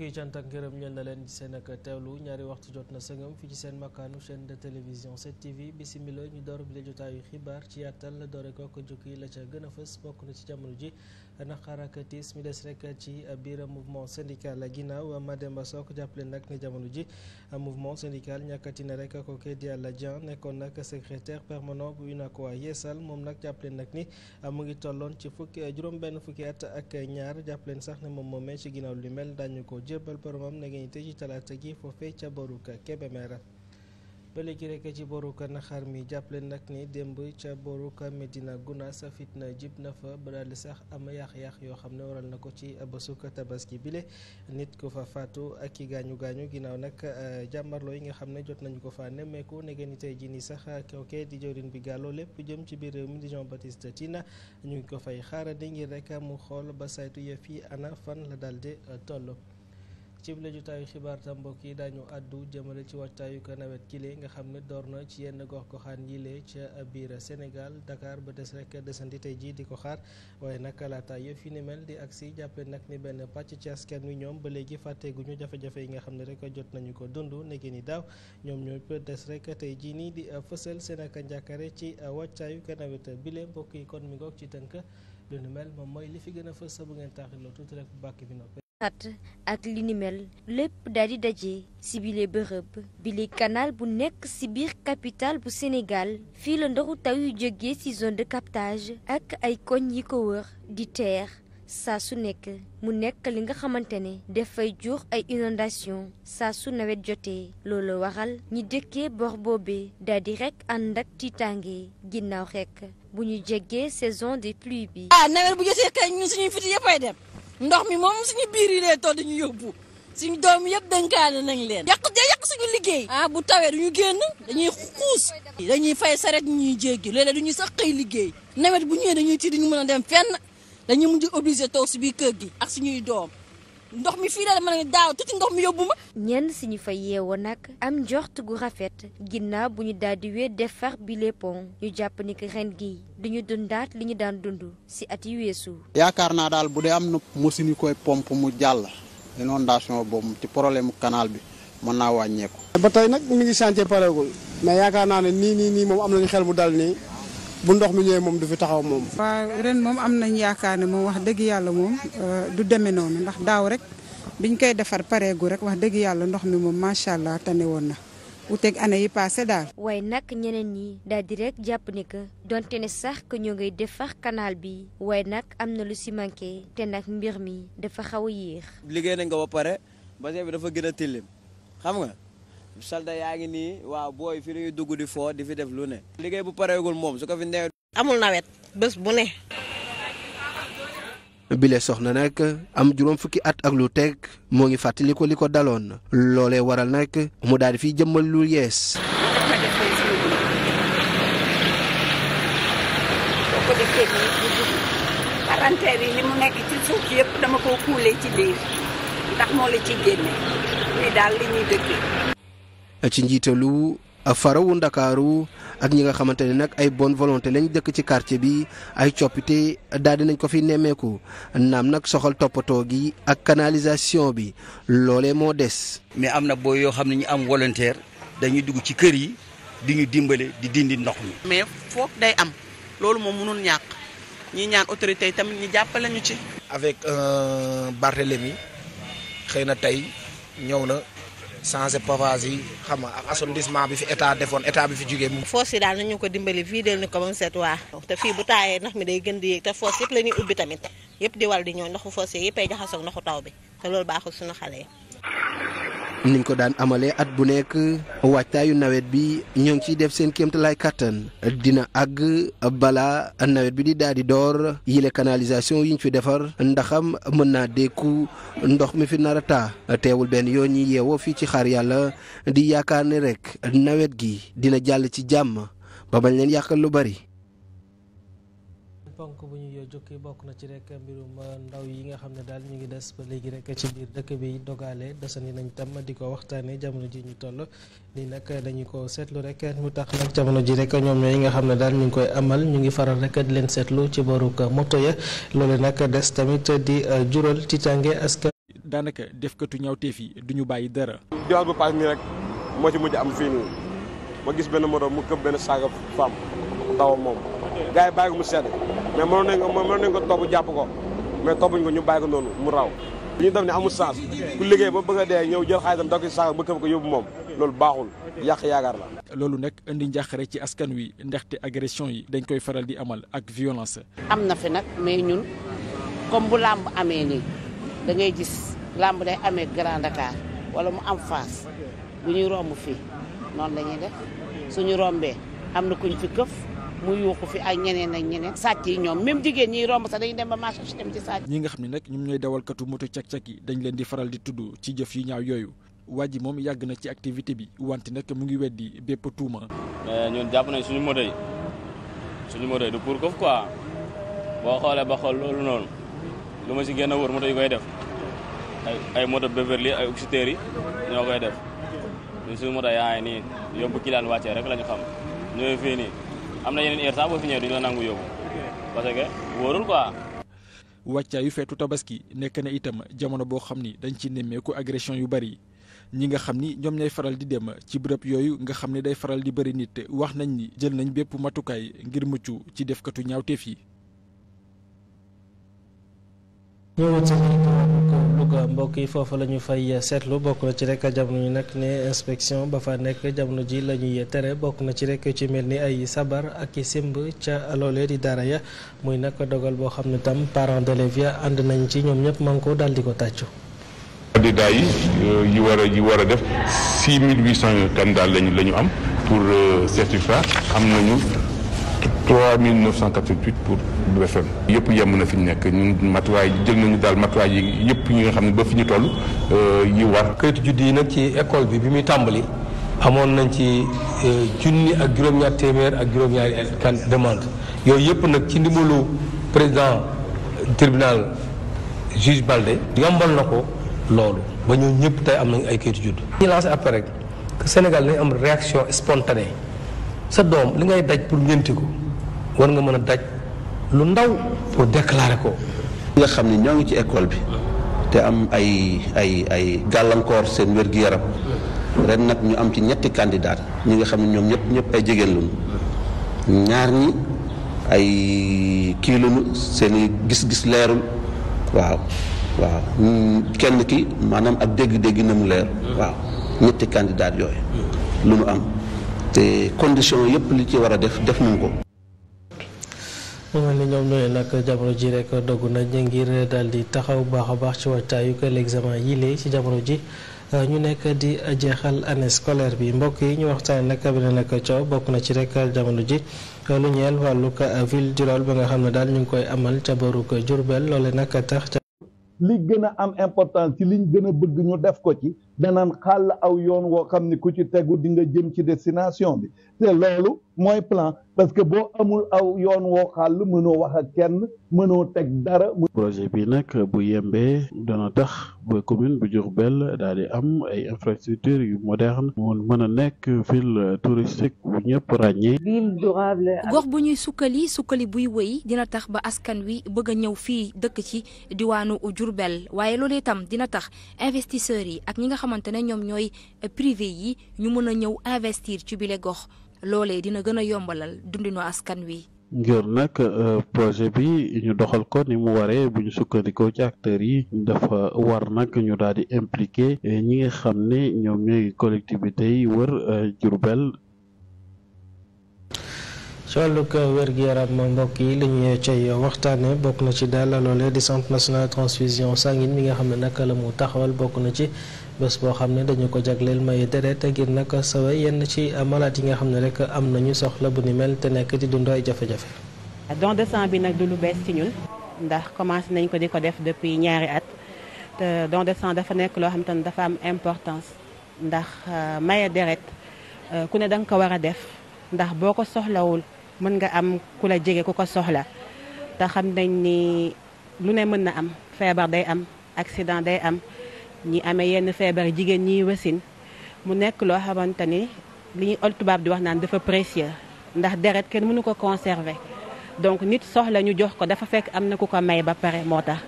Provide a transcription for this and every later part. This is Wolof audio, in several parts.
mbokk yi cant ak ngërëm na leen seen ak teewlu ñaari waxtu jot na sëngam fii ci seen makkaanu chaîne de télévision 7TV bisimila ñu door bi la jotaayu xibaar ci yàttal doore ko ko jukki la ca gën a fës bokk na ci jamono ji naqar ak tiis mi des rek ci biir mouvement syndical ginnaaw Mademba Sock jàppale nag ne jamono ji mouvement syndical ñàkkati na rek kooke di Yàlla Dieng nekkoon nag secrétaire permanent bu UNACOIS Yeesal moom nag jàppale nag ni mu ngi tolloon ci fukki juróom-benn fukki at ak ñaar jàppaleen sax ne moom moomee ci ginnaaw lu mel dañu ko jébbal boromam na ngeen ci talaata gi foofee ca boruka Kébémer ba léegi rek ci boruka xar mi jàppale nag ni démb ca boruka Medina Gunaas fitna jib na fa ba daal di sax am yàq-yàq yoo xam ne waral na ko ci bësuk tabaski bile nit ko fa faatu ak ki gaañu gaañu ginnaaw nag euh, jàmbarloo yi nga xam ne jot nañu ko fa nemmeeku ne ni tey jii nii sax kooke euh, di jëwrin bi gàlloo lépp jëm ci biir réew mi di Jean Baptiste Tine ñu ngi ko fay xaarandi ngir rek amu xool ba saytu yëf yi ana fan la daal di euh, toll. ci bi la jotaayu xibaar tam mbokk yi daañu àddu jëmale ci waajtaayu ko nawet kile nga xam ne door na ci yenn gox goxaan yile ca biir Sénégal Dakar ba des rek desandi tey jii di ko xaar waaye nag laata yëf yi ni mel di agsi jàppe nag ni benn pàcc ci askan wi ñoom ba léegi fàtteeguñu jafe-jafe yi nga xam ne rek jot nañu ko dund nekkee ni daaw ñoom ñoo des rek tey jii nii di fësal seen ak njàkkare ci waajtaayu ko nawet bile mbokk yi kon mi ci tënk lu moom mooy li fi gën a fës bu ngeen taaxiloo tuuti bàkk bi noppee at ak linimel lépp dal di daje ci bile bërëb bile canal bu nekk ci biir capitale bu Sénégal fii la ndoxu taw yu jóge ci zone de captage ak ay koñ yi ko wër di teer saa su nekk mu nekk li nga xamante ne dafay jur ay inondation saa su nawet jotee loolu waral ñi dëkkee bor boobee daal di rek ànd ak tiitaange ginnaaw rek bu ñu jéggee saison de pluies bi. ah nawet bu jotee kay ñun suñuy fiti yëppay dem. ndox mi moom suñu biir yi lay toll dañu yóbbu suñu doom yëpp dénkaane nañ leen. yàq de yàq liggéey. ah bu tawee duñu génn dañuy xuus. dañuy fay saret ñuy jéggi léeg lu duñuy sax xëy liggéey nawet bu ñëwee dañuy tiit duñu mën a dem fenn dañuy mujj obligé toog si biir kër gi ak suñuy doom. ndox mi fii la mën a daaw tuuti ndox mi yóbbu ma. ñenn si ñu fa yeewoo nag am njort gu rafet ginnaaw bu ñu daal di wee defar bi les ponts ñu jàpp ni que ren gi duñu dundaat li ñu daan dund si at yi weesu. yaakaar naa daal bu dee am na machine yu koy pompe mu jàll inondation boobu ci problème kanaal bi mën naa wàññeeku. ba tey nag mi ngi chantier pareegul mais yaakaar naa ne nii nii nii moom am nañu xel mu dal nii. bu ndox mi ñëwee moom du fi taxaw moom. waaw ren moom am nañ yaakaar ne moom wax dëgg yàlla moom euh, du demee noonu ndax daaw rek biñ koy defar pareegu rek wax dëgg yàlla ndox mi moom macha allah tane woon na wuuteeg année yi passé daal. waaye nag ñeneen ñi daal di rek jàpp ne que donte ne sax que ñoo ngay defar kanaal bi waaye nag am na lu si manqué te nag mbir mi dafa xaw yéex. liggéey nañ ko ba pare bassin bi dafa gën a tilim xam nga. salda yaa ngi nii waaw booy fi ñuy dugg di foo di fi def lu ne. liggéey bu pareegul moom su ko fi newee. amul nawet bés bu ne. bile soxna nag am juróom fukki at ak lu teg moo ngi fàttali ko li ko daloon loolee waral nekk mu daal di fiy jëmmal lu yees. palanteer yi li mu nekk ci suuf yëpp dama ko kuulee ci biir ndax moo la ci génne lii daal li ñuy dëkkee. ci njiitalu farawu ndakaaru ak ñi nga xamante ne nag ay bonne volonté lañ dëkk ci quartier bi ay coppite daal di nañ ko fi nemmeeku naam nag soxal toppatoo gi ak canalisation bi loole moo des. mais am na boo yoo xam ne ñu am volontaire dañuy dugg ci kër yi di ñu dimbale di dindi ndox mi. mais foo day am loolu moom mënul ñàkk ñi ñaan autorité yi tamit ñu jàppale ñu ci. avec Barthélemy xëy na tey ñëw na changé pavage yi xam nga ak assainissement bi fi état defoon état bi fi jugee moom. foos yi daal nañu ko dimbali fii del ni ko ba mu set waa te fii bu taayee ndox mi day gën di yéeg te foos yëpp la ubbi tamit yëpp di wal di ñëw ndoxu foos yi yëppay jaxasoo ndoxu taw bi te loolu baaxul suñu xale yi niñ ko daan amalee at bu nekk waajtaayu nawet bi ñoo ngi ciy def seen kéemtalaay kàttan dina àgg balaa nawet bi di daal di door yile canalisation yiñ fi defar ndaxam mën naa dékku ndox mi fi nar a teewul benn yoon yi yeewoo fii ci xaar yàlla di yaakaar ne rek nawet gi dina jàll ci jàmm ba bañ leen yàqal lu bari jukki bokk na ci rek mbirum euh, ndaw yi nga xam ne daal ñu ngi des ba léegi rek ci biir dëkk bi dogaale desandi nañ tam ma di ko waxtaanee jamono ji ñu toll ni nag dañu ko seetlu rek mu tax nag jamono ji rek ñoom ñooy nga xam ne daal ñu ngi koy amal ñu ngi faral rek di leen seetlu ci boruk moto ya loolu nag des tamit di euh, jural tiitaange askan daanaka defkatu ñawteef yi du ñu bàyyi dara. diwaan bu paas nii rek moo ci mujj am fii nii ma gis benn mu këpp benn saaga femme dawam mais mënoon nañ ko mënoon nañ ko topp jàpp ko mais toppuñ ko ñu bàyyi ko mu raw li ñu def ne amul sens ku liggéey ba bëgg dee ñëw jël xaalisam dako saaka ba këf ko yóbbu moom loolu baaxul yàq yaakaar la loolu nag indi njàqare ci askan wi ndaxte agression yi dañ koy faral di amal ak violence am na fi nag mais ñun comme bu làmb amee nii da ngay gis làmb day amee Grand Dakar wala mu am Fass bu ñuy romb fii noonu la ñuy def suñu rombee am na kuñ fi këf mu yuuxu fi ay ñeneen ak ñeneen sàcc yi ñoom même jigéen ñi romb sax dañuy dem ba marché si dem ci sàcc ñi nga xam ne nag ñoom ñooy dawalkatu moto cak-cak yi dañ leen di faral di tudd ci jëf yu ñaaw yooyu waa ji moom yàgg na ci activité bi wante nag mu ngi weddi bépp tuuma ñun jàpp nañ suñu moto yi suñu moto yi du pour ko quoi boo xoolee ba xool loolu noonu lu ma si gën a wóor moto yi koy def ay ay moto Beverly ay oxyteur yi ñoo koy def ñun suñu moto yaa ngi nii yóbbu kilaan la ñu xam am na yeneen heure sax boo fi ñëwee duñu la nangu yóbbu parce que wóorul quoi. yu feetu tabaski nekk na itam jamono boo xam ni dañ ci nemmeeku agression yu bari ñi nga xam ni ñoom ñooy faral di dem ci bërëb yooyu nga xam ni day faral di bari nit wax nañ ni jël nañ bépp matukaay ngir mucc ci defkatu ñaawteef yi. donc euh, mbokk yi foofu lañu ñu fay euh, seetlu bokk na ci rek jamono yi nag ne inspection ba fa nekk jamono ji la ñuy tere bokk na ci rek ci mel ni ay sabar ak i simb ca loolee di daara ya muy nag dogal boo xam ne tam parents d'élèves ya ànd nañ ci ñoom ñëpp man ko daal di ko tàccu candidat yi euh, yi war a yi war a def 6800 candidats lañu la ñu am pour certificat am nañu 3 988 pour Louga FM yëpp yem na fi ñu nekk ñun matuwaay jël nañu daal matuwaay yi yëpp ñu nga xam ne ba fi ñu toll euh, yi war. kayitu judd yi nag ci école bi bi muy tàmbali amoon nañ ci euh, junni ak juróom-ñaar téeméer ak juróom-ñaari kan demande yooyu yëpp nag ci ndimbalu président euh, tribunal juge Balde yombal na ko loolu ba ñoo ñëpp tey am nañu ay kayitu judd. ñu lancé après rek que Sénégal nañ am réaction spontanée sa doom li ngay daj pour ñeenti ko. war nga mën a daj lu ndaw pour déclarer ko. nga xam ne ñoo ngi ci ecole bi te am ay ay ay gàllankoor seen wér-gu-yaram ren nag ñu am ci ñetti kandidaat ñi nga xam ne ñoom ñëpp ñëpp ay jigéen lañu ñaar ñi ay kii lañu seen i gis-gis leerul waaw waaw kenn ki maanaam ak dégg-dégg na mu leer waaw ñetti kandidaat yooyu lu nu am te condition yëpp li ci war a def def nañ ko mu mel ni ñoom ñoo nag jamono ji rek dogu nañ ngir daal di taxaw baax a baax ci waajtaayu que l'examen yi lee ci jamono ji ñu nekk di jeexal année scolaire bi mbokk yi ñu waxtaan nag beneen nag coow bokk na ci rek jamono ji lu ñeel wàllug ville du Lol ba nga xam ne daal ñu ngi koy amal ca barug Jurbel loole nag tax li gën a am important ci liñ gën a bëgg ñu def ko ci danaan xàll aw yoon woo xam ni ku ci tegu di jëm ci destination bi mooy plan parce que boo amul aw yoon woo xàll mënoo wax ak kenn mënoo teg dara. projet bi nag bu yembee dana tax ba commune bu Diourbel daal di am ay infrastructures yu moderne mu mën a nekk ville touristique bu ñëpp ràññee. ville gox bu ñuy sukkali sukkali buy wëy dina tax ba askan wi bëgg a ñëw fii dëkk ci diwaanu jur Diourbel waaye loolu itam dina tax investisseurs yi ak ñi nga xamante ne ñoom ñooy privé yi ñu mën a ñëw investir ci bile gox. loolee dina gën a yombalal dundinu askan wi. ngir nag euh, projet bi ñu doxal ko ni mu waree bu ñu sukkandikoo ci acteurs yi dafa war nag ñu daal di impliqué euh, ñi nga xam ni ñoom ñooy collectivités yi wër Jurbel euh, ci wàllug wér-gu-yaram mbokk yi li ñu cay waxtaanee bokk na ci daal loolee di centre national transfusion sanguine mi nga xam ne naka la mu taxawal bokk na ci. bés boo xam ne dañu ko jagleel may deret ngir nag sawe yenn ci malade yi nga xam ne rek am na nañu soxla bu ni mel te nekk di dund ay jafe-jafe. don de sang bi nag du lu bees ci ñun ndax commencé nañ ko di ko def depuis ñaari at te don de sang dafa nekk loo xam te ne dafa am importance ndax euh, maye deret euh, ku ne da nga ko war a def ndax boo ko soxlawul mën nga am ku la jege ku ko soxla te xam nañ ni lu ne mën na am feebar day am accident day am. ñi amee yenn feebare jigéen ñii wasin mu nekk loo xamante ni li ñuy ol tubaab di wax naan dafa précieux ndax deret kenn mënu ko conserver donc nit soxla ñu jox ko dafa fekk am na ku ko may ba pare moo tax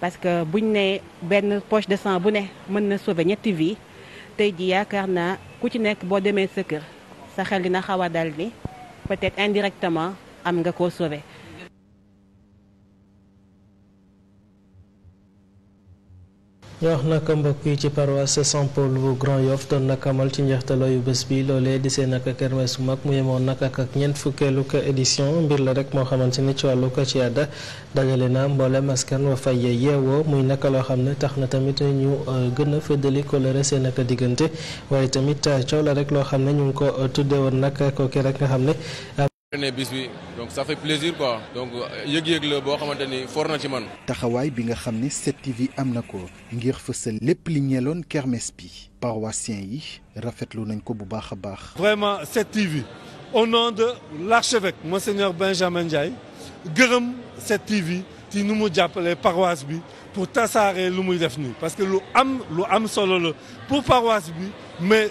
parce que buñ ne benn poche de sang bu ne mën na sauver ñetti vie tey ji yaakaar naa ku ci nekk boo demee sa kër sa xel dina xaw a dal ni peut-être indirectement am nga koo sauver ñu wax naka mbokk yi ci paroisse Saint-Paul bu Grand Yoff doon naka amal ci yu bés bi loolee di seen ak kermesse bu mag mu yemoon nag ak ak ñeent fukkeelu ko édition mbir la rek moo xamante ni ci wàllu ko ci àdda dajale na mboolem maskan wa fay yeewoo muy naka loo xam ne tax na tamit ñu euh, gën a fëddali kóllëre seen ak diggante waaye tamit euh, coow la rek loo xam ne ñu ngi ko euh, tudde woon nag kooki rek nga xam ne ne bis euh, boo xamante ni for taxawaay bi nga xam ne 7TV am na ko ngir fësal lépp li ñeeloon kermesse bi paroissiens yi rafetlu nañ ko bu baax a baax. vraiment 7TV au nom de l'archevêque monseigneur Benjamin Ndiaye gërëm 7TV ci nu mu jàppalee paroisse bi pour tasaare lu muy def nii parce que lu am lu am solo la pour paroisse bi mais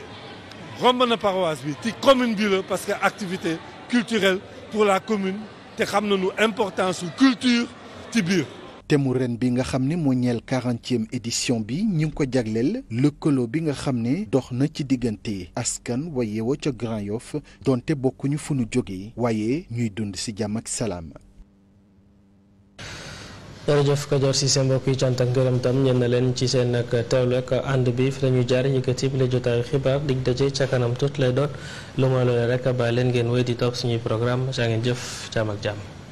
romb na paroisse bi ci commune bi la parce que activité. culturel pour la commune te xam nañu importance su culture ci biir. temu ren bi nga xam ne moo ñeel quarantième édition bi ñu ngi ko jagleel lëkkaloo bi nga xam ne dox na ci diggante askan wa yeewoo ca Grand Yoff donte bokkuñu fu nu jógee waaye ñuy dund ci jàmm ak salaam. jërëjëf Kajoor si seen mbokk yi cant ak ngërëm tam ñeen na leen ci seen nag teewlu ak ànd bi fi lañu jaar yëkkati bi la jotaayu xibaar dig daje ca kanam tuut lay doon lu ma loolee rek ba leen ngeen wéy di topp suñuy programme saa ngeen jëf jàmm ak jàmm